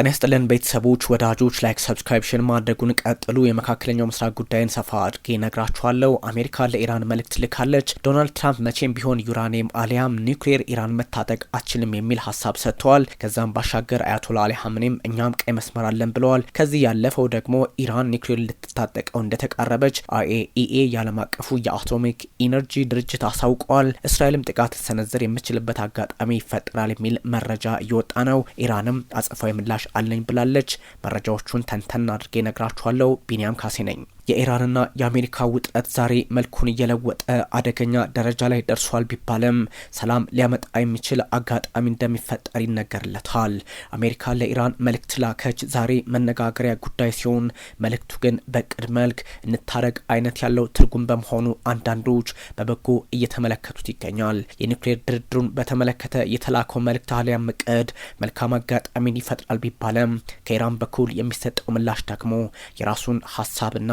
ጤና ይስጥልን ቤተሰቦች፣ ወዳጆች ላይክ ሰብስክሪፕሽን ማድረጉን ቀጥሉ። የመካከለኛው ምስራቅ ጉዳይን ሰፋ አድርጌ ነግራችኋለሁ። አሜሪካ ለኢራን መልእክት ልካለች። ዶናልድ ትራምፕ መቼም ቢሆን ዩራኒየም አሊያም ኒውክሌር ኢራን መታጠቅ አችልም የሚል ሀሳብ ሰጥተዋል። ከዛም ባሻገር አያቶላ አሊ ሀምኔም እኛም ቀይ መስመር አለን ብለዋል። ከዚህ ያለፈው ደግሞ ኢራን ኒውክሌር ልትታጠቀው እንደተቃረበች አይኤኢኤ የዓለም አቀፉ የአቶሚክ ኢነርጂ ድርጅት አሳውቀዋል። እስራኤልም ጥቃት ልትሰነዝር የምችልበት አጋጣሚ ይፈጠራል የሚል መረጃ እየወጣ ነው። ኢራንም አጸፋዊ ምላሽ አለኝ ብላለች። መረጃዎቹን ተንተን አድርጌ ነግራችኋለሁ። ቢንያም ካሴ ነኝ። የኢራንና የአሜሪካ ውጥረት ዛሬ መልኩን እየለወጠ አደገኛ ደረጃ ላይ ደርሷል ቢባልም ሰላም ሊያመጣ የሚችል አጋጣሚ እንደሚፈጠር ይነገርለታል። አሜሪካ ለኢራን መልእክት ላከች ዛሬ መነጋገሪያ ጉዳይ ሲሆን መልእክቱ ግን በቅድ መልክ እንታረግ አይነት ያለው ትርጉም በመሆኑ አንዳንዶች በበጎ እየተመለከቱት ይገኛል። የኒውክሌር ድርድሩን በተመለከተ የተላከው መልእክት አሊያም እቅድ መልካም አጋጣሚን ይፈጥራል ቢባልም ከኢራን በኩል የሚሰጠው ምላሽ ደግሞ የራሱን ሀሳብና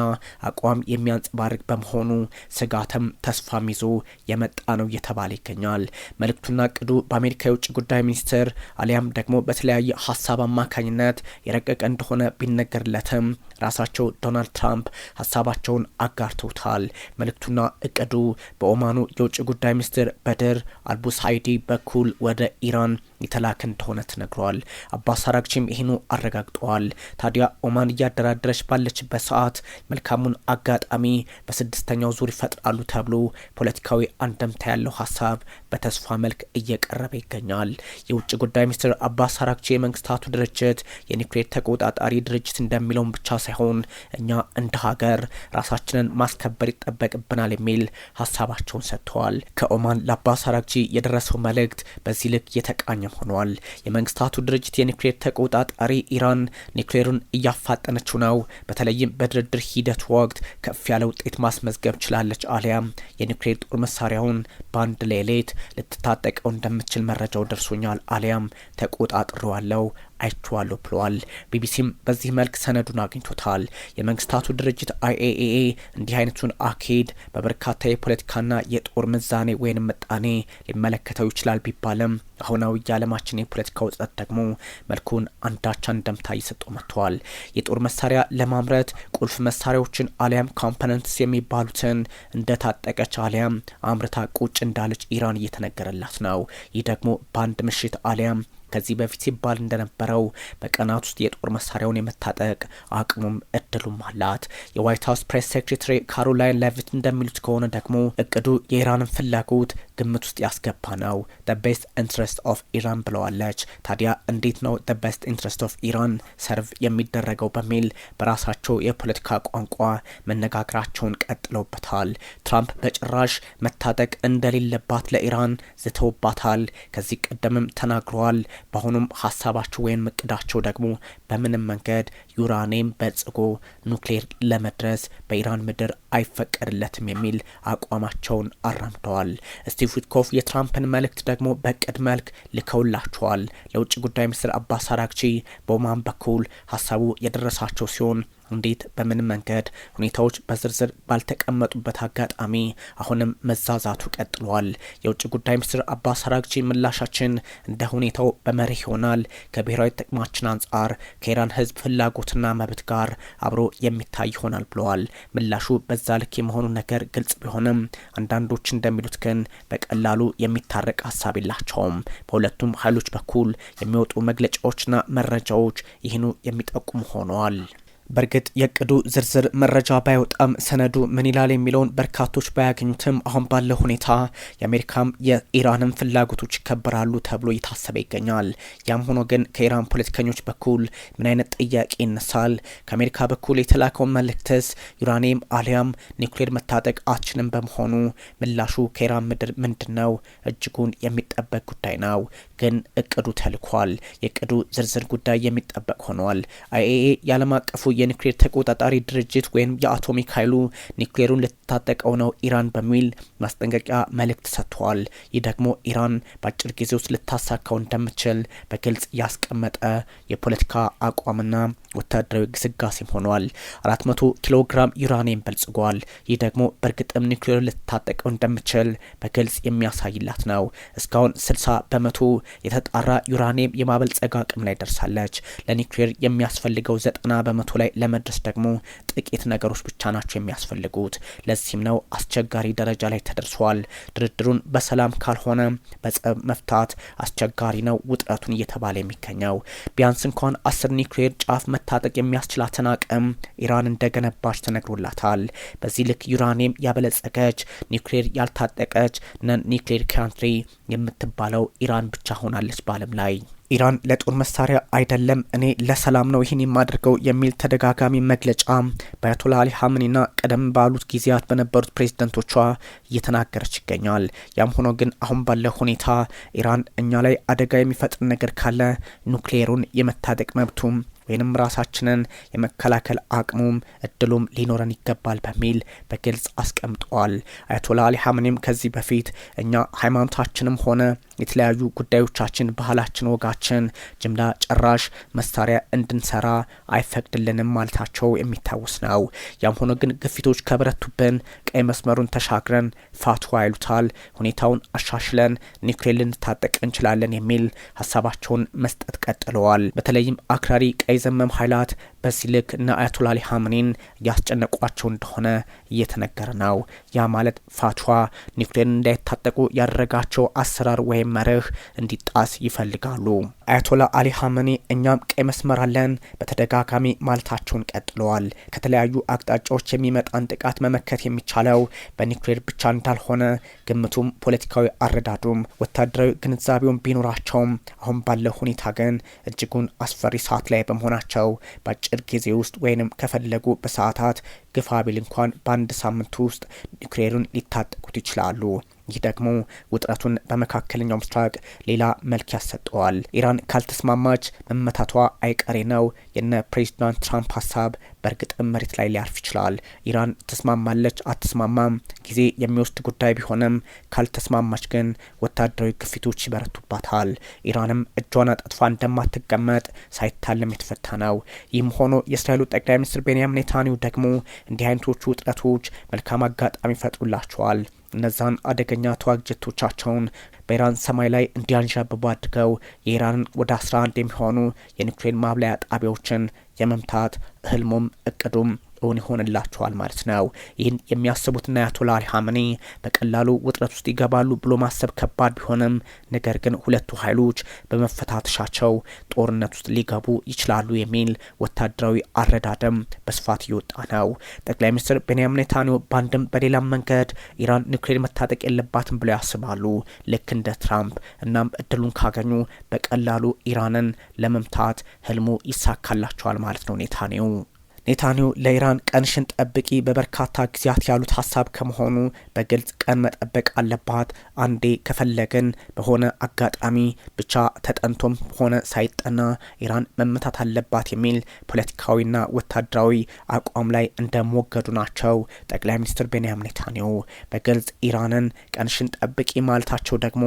አቋም የሚያንጸባርቅ በመሆኑ ስጋትም ተስፋም ይዞ የመጣ ነው እየተባለ ይገኛል። መልእክቱና እቅዱ በአሜሪካ የውጭ ጉዳይ ሚኒስትር አሊያም ደግሞ በተለያየ ሀሳብ አማካኝነት የረቀቀ እንደሆነ ቢነገርለትም ራሳቸው ዶናልድ ትራምፕ ሀሳባቸውን አጋርተውታል። መልእክቱና እቅዱ በኦማኑ የውጭ ጉዳይ ሚኒስትር በድር አልቡሳይዲ በኩል ወደ ኢራን የተላከ እንደሆነ ተነግሯል። አባስ አራግቺም ይህኑ አረጋግጠዋል። ታዲያ ኦማን እያደራደረች ባለችበት ሰዓት መልካ መልካሙን አጋጣሚ በስድስተኛው ዙር ይፈጥራሉ ተብሎ ፖለቲካዊ አንደምታ ያለው ሀሳብ በተስፋ መልክ እየቀረበ ይገኛል። የውጭ ጉዳይ ሚኒስትር አባስ አራግቺ የመንግስታቱ ድርጅት የኒውክሌር ተቆጣጣሪ ድርጅት እንደሚለውን ብቻ ሳይሆን እኛ እንደ ሀገር ራሳችንን ማስከበር ይጠበቅብናል የሚል ሀሳባቸውን ሰጥተዋል። ከኦማን ለአባስ አራግቺ የደረሰው መልእክት በዚህ ልክ የተቃኘም ሆኗል። የመንግስታቱ ድርጅት የኒውክሌር ተቆጣጣሪ ኢራን ኒውክሌሩን እያፋጠነችው ነው፣ በተለይም በድርድር ሂደት በሂደቱ ወቅት ከፍ ያለ ውጤት ማስመዝገብ ችላለች፣ አሊያም የኒውክሌር ጦር መሳሪያውን በአንድ ሌሊት ልትታጠቀው እንደምትችል መረጃው ደርሶኛል፣ አሊያም ተቆጣጥሬዋለሁ አይቼዋለሁ ብለዋል። ቢቢሲም በዚህ መልክ ሰነዱን አግኝቶታል። የመንግስታቱ ድርጅት አይኤኤኤ እንዲህ አይነቱን አካሄድ በበርካታ የፖለቲካና የጦር ምዛኔ ወይንም ምጣኔ ሊመለከተው ይችላል ቢባልም አሁናዊ የዓለማችን የፖለቲካ ውጥረት ደግሞ መልኩን አንዳቻ አንድምታ እየሰጠው መጥተዋል። የጦር መሳሪያ ለማምረት ቁልፍ መሳሪያዎችን አሊያም ኮምፖነንትስ የሚባሉትን እንደታጠቀች አሊያም አምርታ ቁጭ እንዳለች ኢራን እየተነገረላት ነው። ይህ ደግሞ በአንድ ምሽት አሊያም ከዚህ በፊት ሲባል እንደነበረው በቀናት ውስጥ የጦር መሳሪያውን የመታጠቅ አቅሙም እድሉም አላት። የዋይት ሀውስ ፕሬስ ሴክሬታሪ ካሮላይን ለቪት እንደሚሉት ከሆነ ደግሞ እቅዱ የኢራንን ፍላጎት ግምት ውስጥ ያስገባ ነው፣ ደ ቤስት ኢንትረስት ኦፍ ኢራን ብለዋለች። ታዲያ እንዴት ነው ደ ቤስት ኢንትረስት ኦፍ ኢራን ሰርቭ የሚደረገው በሚል በራሳቸው የፖለቲካ ቋንቋ መነጋገራቸውን ቀጥለውበታል። ትራምፕ በጭራሽ መታጠቅ እንደሌለባት ለኢራን ዝተውባታል። ከዚህ ቀደምም ተናግረዋል። በአሁኑም ሀሳባቸው ወይም እቅዳቸው ደግሞ በምንም መንገድ ዩራኒየም በልጽጎ ኑክሌር ለመድረስ በኢራን ምድር አይፈቀድለትም የሚል አቋማቸውን አራምደዋል። ስቲቭ ዊትኮፍ የትራምፕን መልእክት ደግሞ በእቅድ መልክ ልከውላቸዋል። ለውጭ ጉዳይ ሚኒስትር አባስ አራግቺ በኦማን በኩል ሀሳቡ የደረሳቸው ሲሆን እንዴት፣ በምን መንገድ ሁኔታዎች በዝርዝር ባልተቀመጡበት አጋጣሚ አሁንም መዛዛቱ ቀጥሏል። የውጭ ጉዳይ ሚኒስትር አባስ አራግቺ ምላሻችን እንደ ሁኔታው በመርህ ይሆናል። ከብሔራዊ ጥቅማችን አንጻር ከኢራን ህዝብ ፍላጎትና መብት ጋር አብሮ የሚታይ ይሆናል ብለዋል። ምላሹ በዛ ልክ የመሆኑ ነገር ግልጽ ቢሆንም አንዳንዶች እንደሚሉት ግን በቀላሉ የሚታረቅ ሀሳብ የላቸውም። በሁለቱም ኃይሎች በኩል የሚወጡ መግለጫዎችና መረጃዎች ይህኑ የሚጠቁም ሆነዋል። በእርግጥ የእቅዱ ዝርዝር መረጃ ባይወጣም ሰነዱ ምን ይላል የሚለውን በርካቶች ባያገኙትም አሁን ባለው ሁኔታ የአሜሪካም የኢራንም ፍላጎቶች ይከበራሉ ተብሎ እየታሰበ ይገኛል። ያም ሆኖ ግን ከኢራን ፖለቲከኞች በኩል ምን አይነት ጥያቄ ይነሳል? ከአሜሪካ በኩል የተላከውን መልእክትስ ዩራኒየም አሊያም ኒውክሌር መታጠቅ አችንም በመሆኑ ምላሹ ከኢራን ምድር ምንድን ነው? እጅጉን የሚጠበቅ ጉዳይ ነው። ግን እቅዱ ተልኳል። የእቅዱ ዝርዝር ጉዳይ የሚጠበቅ ሆኗል። አይኤኤ የዓለም አቀፉ የኒክሌር ተቆጣጣሪ ድርጅት ወይም የአቶሚክ ኃይሉ ኒክሌሩን ልትታጠቀው ነው ኢራን በሚል ማስጠንቀቂያ መልእክት ሰጥቷል። ይህ ደግሞ ኢራን በአጭር ጊዜ ውስጥ ልታሳካው እንደምትችል በግልጽ ያስቀመጠ የፖለቲካ አቋምና ወታደራዊ ግስጋሴም ሆኗል። 400 ኪሎ ግራም ዩራኒየም በልጽጓል። ይህ ደግሞ በእርግጥም ኒክሌር ልትታጠቀው እንደምችል በግልጽ የሚያሳይላት ነው። እስካሁን 60 በመቶ የተጣራ ዩራኒየም የማበልጸግ አቅም ላይ ደርሳለች። ለኒክሌር የሚያስፈልገው ዘጠና በመቶ ላይ ላይ ለመድረስ ደግሞ ጥቂት ነገሮች ብቻ ናቸው የሚያስፈልጉት። ለዚህም ነው አስቸጋሪ ደረጃ ላይ ተደርሷል። ድርድሩን በሰላም ካልሆነ በጸብ መፍታት አስቸጋሪ ነው ውጥረቱን እየተባለ የሚገኘው። ቢያንስ እንኳን አስር ኒውክሌር ጫፍ መታጠቅ የሚያስችላትን አቅም ኢራን እንደገነባች ተነግሮላታል። በዚህ ልክ ዩራኒየም ያበለጸገች ኒውክሌር ያልታጠቀች ነን ኒውክሌር ካንትሪ የምትባለው ኢራን ብቻ ሆናለች በዓለም ላይ። ኢራን ለጦር መሳሪያ አይደለም እኔ ለሰላም ነው ይህን የማደርገው የሚል ተደጋጋሚ መግለጫ በአያቶላ አሊ ሀምኒና ቀደም ባሉት ጊዜያት በነበሩት ፕሬዝደንቶቿ እየተናገረች ይገኛል። ያም ሆኖ ግን አሁን ባለ ሁኔታ ኢራን እኛ ላይ አደጋ የሚፈጥር ነገር ካለ ኑክሌሩን የመታጠቅ መብቱም ወይንም ራሳችንን የመከላከል አቅሙም እድሉም ሊኖረን ይገባል በሚል በግልጽ አስቀምጠዋል። አያቶላ አሊ ሀምኒም ከዚህ በፊት እኛ ሃይማኖታችንም ሆነ የተለያዩ ጉዳዮቻችን፣ ባህላችን፣ ወጋችን ጅምላ ጨራሽ መሳሪያ እንድንሰራ አይፈቅድልንም ማለታቸው የሚታወስ ነው። ያም ሆኖ ግን ግፊቶች ከበረቱብን ቀይ መስመሩን ተሻግረን ፋትዋ ይሉታል ሁኔታውን አሻሽለን ኒውክሌር ልንታጠቅ እንችላለን የሚል ሀሳባቸውን መስጠት ቀጥለዋል። በተለይም አክራሪ ቀይ ዘመም ኃይላት በዚህ ልክ እነ አያቶላ አሊ እያስጨነቋቸው እንደሆነ እየተነገረ ነው። ያ ማለት ፋትዋ ኒውክሌርን እንዳይታጠቁ ያደረጋቸው አሰራር ወይም መርህ እንዲጣስ ይፈልጋሉ። አያቶላ አሊ ሀመኔ እኛም ቀይ መስመር አለን በተደጋጋሚ ማለታቸውን ቀጥለዋል። ከተለያዩ አቅጣጫዎች የሚመጣን ጥቃት መመከት የሚቻለው በኒውክሌር ብቻ እንዳልሆነ ግምቱም፣ ፖለቲካዊ አረዳዱም፣ ወታደራዊ ግንዛቤውን ቢኖራቸውም አሁን ባለው ሁኔታ ግን እጅጉን አስፈሪ ሰዓት ላይ በመሆናቸው በአጭር በአጭር ጊዜ ውስጥ ወይንም ከፈለጉ በሰዓታት ግፋ ቢል እንኳን በአንድ ሳምንት ውስጥ ዩክሬኑን ሊታጠቁት ይችላሉ። ይህ ደግሞ ውጥረቱን በመካከለኛው ምስራቅ ሌላ መልክ ያሰጠዋል። ኢራን ካልተስማማች መመታቷ አይቀሬ ነው። የነ ፕሬዚዳንት ትራምፕ ሀሳብ በእርግጥም መሬት ላይ ሊያርፍ ይችላል። ኢራን ትስማማለች አትስማማም ጊዜ የሚወስድ ጉዳይ ቢሆንም ካልተስማማች ግን ወታደራዊ ግፊቶች ይበረቱባታል። ኢራንም እጇን አጣጥፋ እንደማትቀመጥ ሳይታለም የተፈታ ነው። ይህም ሆኖ የእስራኤሉ ጠቅላይ ሚኒስትር ቤንያሚን ኔታንያሁ ደግሞ እንዲህ አይነቶቹ ውጥረቶች መልካም አጋጣሚ ይፈጥሩላቸዋል እነዛን አደገኛ ተዋጊ ጀቶቻቸውን በኢራን ሰማይ ላይ እንዲያንዣብቡ አድርገው የኢራን ወደ 11 የሚሆኑ የኒውክሌር ማብላያ ጣቢያዎችን የመምታት ህልሙም እቅዱም እውን ይሆንላቸዋል ማለት ነው። ይህን የሚያስቡትና የአያቶላ አሊ ሀመኒ በቀላሉ ውጥረት ውስጥ ይገባሉ ብሎ ማሰብ ከባድ ቢሆንም ነገር ግን ሁለቱ ኃይሎች በመፈታተሻቸው ጦርነት ውስጥ ሊገቡ ይችላሉ የሚል ወታደራዊ አረዳደም በስፋት እየወጣ ነው። ጠቅላይ ሚኒስትር ቤንያሚን ኔታንያሁ በአንድም በሌላም መንገድ ኢራን ኒውክሌር መታጠቅ የለባትም ብለው ያስባሉ፣ ልክ እንደ ትራምፕ። እናም እድሉን ካገኙ በቀላሉ ኢራንን ለመምታት ህልሙ ይሳካላቸዋል ማለት ነው ኔታንያሁ ኔታንያሁ ለኢራን ቀንሽን ጠብቂ በበርካታ ጊዜያት ያሉት ሀሳብ ከመሆኑ በግልጽ ቀን መጠበቅ አለባት። አንዴ ከፈለግን በሆነ አጋጣሚ ብቻ ተጠንቶም ሆነ ሳይጠና ኢራን መመታት አለባት የሚል ፖለቲካዊና ወታደራዊ አቋም ላይ እንደሞገዱ ናቸው ጠቅላይ ሚኒስትር ቤንያሚን ኔታንያሁ። በግልጽ ኢራንን ቀንሽን ጠብቂ ማለታቸው ደግሞ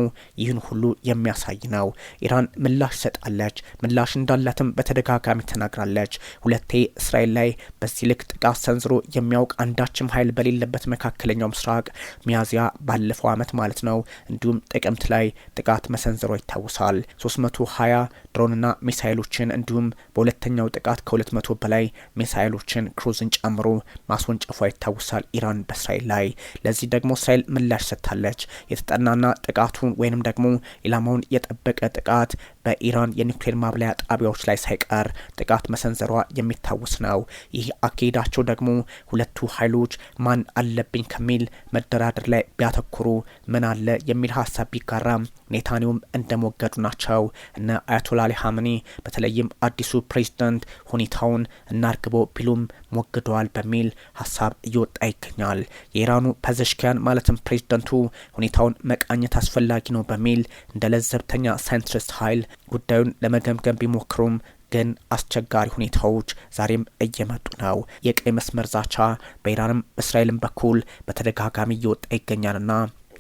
ይህን ሁሉ የሚያሳይ ነው። ኢራን ምላሽ ሰጣለች። ምላሽ እንዳላትም በተደጋጋሚ ተናግራለች። ሁለቴ እስራኤል ላይ ላይ በዚህ ልክ ጥቃት ሰንዝሮ የሚያውቅ አንዳችም ኃይል በሌለበት መካከለኛው ምስራቅ ሚያዝያ ባለፈው ዓመት ማለት ነው እንዲሁም ጥቅምት ላይ ጥቃት መሰንዝሮ ይታወሳል። 320 ድሮንና ሚሳይሎችን እንዲሁም በሁለተኛው ጥቃት ከ200 በላይ ሚሳይሎችን ክሩዝን ጨምሮ ማስወንጨፏ ይታወሳል ኢራን በእስራኤል ላይ። ለዚህ ደግሞ እስራኤል ምላሽ ሰጥታለች። የተጠናና ጥቃቱን ወይንም ደግሞ ኢላማውን የጠበቀ ጥቃት በኢራን የኒውክሌር ማብለያ ጣቢያዎች ላይ ሳይቀር ጥቃት መሰንዘሯ የሚታወስ ነው። ይህ አካሄዳቸው ደግሞ ሁለቱ ኃይሎች ማን አለብኝ ከሚል መደራደር ላይ ቢያተኩሩ ምን አለ የሚል ሀሳብ ቢጋራም ኔታኒውም እንደሞገዱ ናቸው። እነ አያቶላ አሊ በተለይም አዲሱ ፕሬዚደንት ሁኔታውን እናርግበው ቢሉም ሞግደዋል በሚል ሀሳብ እየወጣ ይገኛል። የኢራኑ ፐዘሽኪያን ማለትም ፕሬዚደንቱ ሁኔታውን መቃኘት አስፈላጊ ነው በሚል እንደ ለዘብተኛ ሳይንቲስት ኃይል ጉዳዩን ለመገምገም ቢሞክሩም ግን አስቸጋሪ ሁኔታዎች ዛሬም እየመጡ ነው። የቀይ መስመር ዛቻ በኢራንም እስራኤልም በኩል በተደጋጋሚ እየወጣ ይገኛልና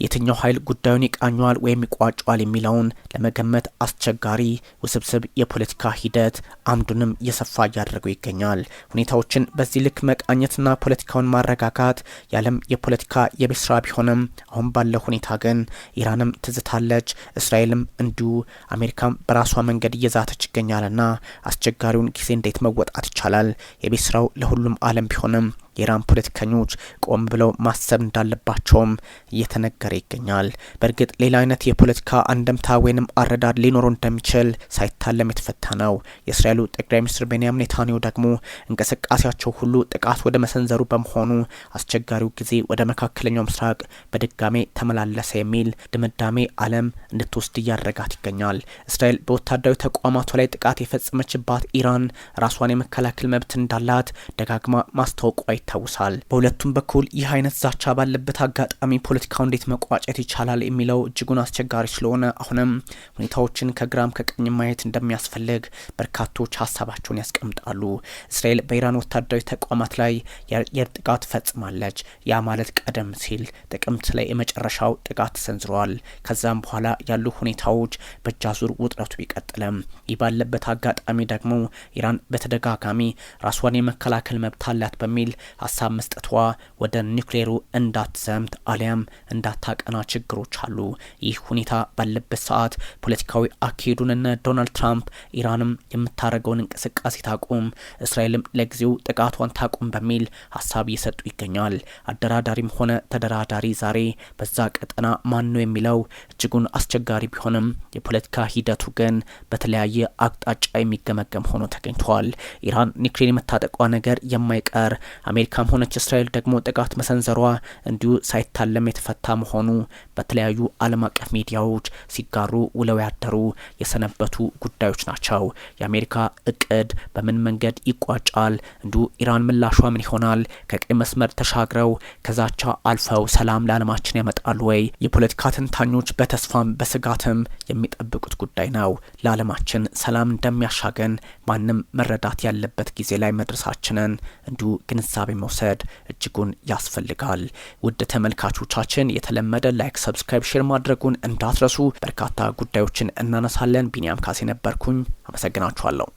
የትኛው ኃይል ጉዳዩን ይቃኘዋል ወይም ይቋጫዋል የሚለውን ለመገመት አስቸጋሪ ውስብስብ የፖለቲካ ሂደት አምዱንም የሰፋ እያደረገው ይገኛል። ሁኔታዎችን በዚህ ልክ መቃኘትና ፖለቲካውን ማረጋጋት የዓለም የፖለቲካ የቤት ስራ ቢሆንም አሁን ባለው ሁኔታ ግን ኢራንም ትዝታለች፣ እስራኤልም እንዲሁ፣ አሜሪካም በራሷ መንገድ እየዛተች ይገኛልና አስቸጋሪውን ጊዜ እንዴት መወጣት ይቻላል? የቤት ስራው ለሁሉም ዓለም ቢሆንም የኢራን ፖለቲከኞች ቆም ብለው ማሰብ እንዳለባቸውም እየተነገረ እየተነገረ ይገኛል። በእርግጥ ሌላ አይነት የፖለቲካ አንደምታ ወይንም አረዳድ ሊኖረው እንደሚችል ሳይታለም የተፈታ ነው። የእስራኤሉ ጠቅላይ ሚኒስትር ቤንያም ኔታንያሁ ደግሞ እንቅስቃሴያቸው ሁሉ ጥቃት ወደ መሰንዘሩ በመሆኑ አስቸጋሪው ጊዜ ወደ መካከለኛው ምስራቅ በድጋሜ ተመላለሰ የሚል ድምዳሜ ዓለም እንድትወስድ እያደረጋት ይገኛል። እስራኤል በወታደራዊ ተቋማቷ ላይ ጥቃት የፈጸመችባት ኢራን ራሷን የመከላከል መብት እንዳላት ደጋግማ ማስታወቋ ይታወሳል። በሁለቱም በኩል ይህ አይነት ዛቻ ባለበት አጋጣሚ ፖለቲካው እንዴት መቋጨት ይቻላል የሚለው እጅጉን አስቸጋሪ ስለሆነ አሁንም ሁኔታዎችን ከግራም ከቀኝ ማየት እንደሚያስፈልግ በርካቶች ሀሳባቸውን ያስቀምጣሉ። እስራኤል በኢራን ወታደራዊ ተቋማት ላይ የአየር ጥቃት ፈጽማለች። ያ ማለት ቀደም ሲል ጥቅምት ላይ የመጨረሻው ጥቃት ተሰንዝሯል። ከዛም በኋላ ያሉ ሁኔታዎች በእጅ ውጥረቱ ቢቀጥልም፣ ይህ ባለበት አጋጣሚ ደግሞ ኢራን በተደጋጋሚ ራሷን የመከላከል መብት አላት በሚል ሀሳብ መስጠቷ ወደ ኒውክሌሩ እንዳትዘምት አሊያም እንዳት ቀና ችግሮች አሉ። ይህ ሁኔታ ባለበት ሰዓት ፖለቲካዊ አካሄዱንና ዶናልድ ትራምፕ ኢራንም የምታደርገውን እንቅስቃሴ ታቁም፣ እስራኤልም ለጊዜው ጥቃቷን ታቁም በሚል ሀሳብ እየሰጡ ይገኛል። አደራዳሪም ሆነ ተደራዳሪ ዛሬ በዛ ቀጠና ማን ነው የሚለው እጅጉን አስቸጋሪ ቢሆንም የፖለቲካ ሂደቱ ግን በተለያየ አቅጣጫ የሚገመገም ሆኖ ተገኝቷል። ኢራን ኒክሌን የመታጠቋ ነገር የማይቀር አሜሪካም ሆነች እስራኤል ደግሞ ጥቃት መሰንዘሯ እንዲሁ ሳይታለም የተፈታ መሆኑ ሲሆኑ በተለያዩ ዓለም አቀፍ ሚዲያዎች ሲጋሩ ውለው ያደሩ የሰነበቱ ጉዳዮች ናቸው። የአሜሪካ እቅድ በምን መንገድ ይቋጫል? እንዲሁ ኢራን ምላሿ ምን ይሆናል? ከቀይ መስመር ተሻግረው ከዛቻ አልፈው ሰላም ለዓለማችን ያመጣሉ ወይ? የፖለቲካ ተንታኞች በተስፋም በስጋትም የሚጠብቁት ጉዳይ ነው። ለዓለማችን ሰላም እንደሚያሻገን ማንም መረዳት ያለበት ጊዜ ላይ መድረሳችንን እንዲሁ ግንዛቤ መውሰድ እጅጉን ያስፈልጋል። ውድ ተመልካቾቻችን እንደተለመደ ላይክ፣ ሰብስክራይብ፣ ሼር ማድረጉን እንዳትረሱ። በርካታ ጉዳዮችን እናነሳለን። ቢኒያም ካሴ ነበርኩኝ። አመሰግናችኋለሁ።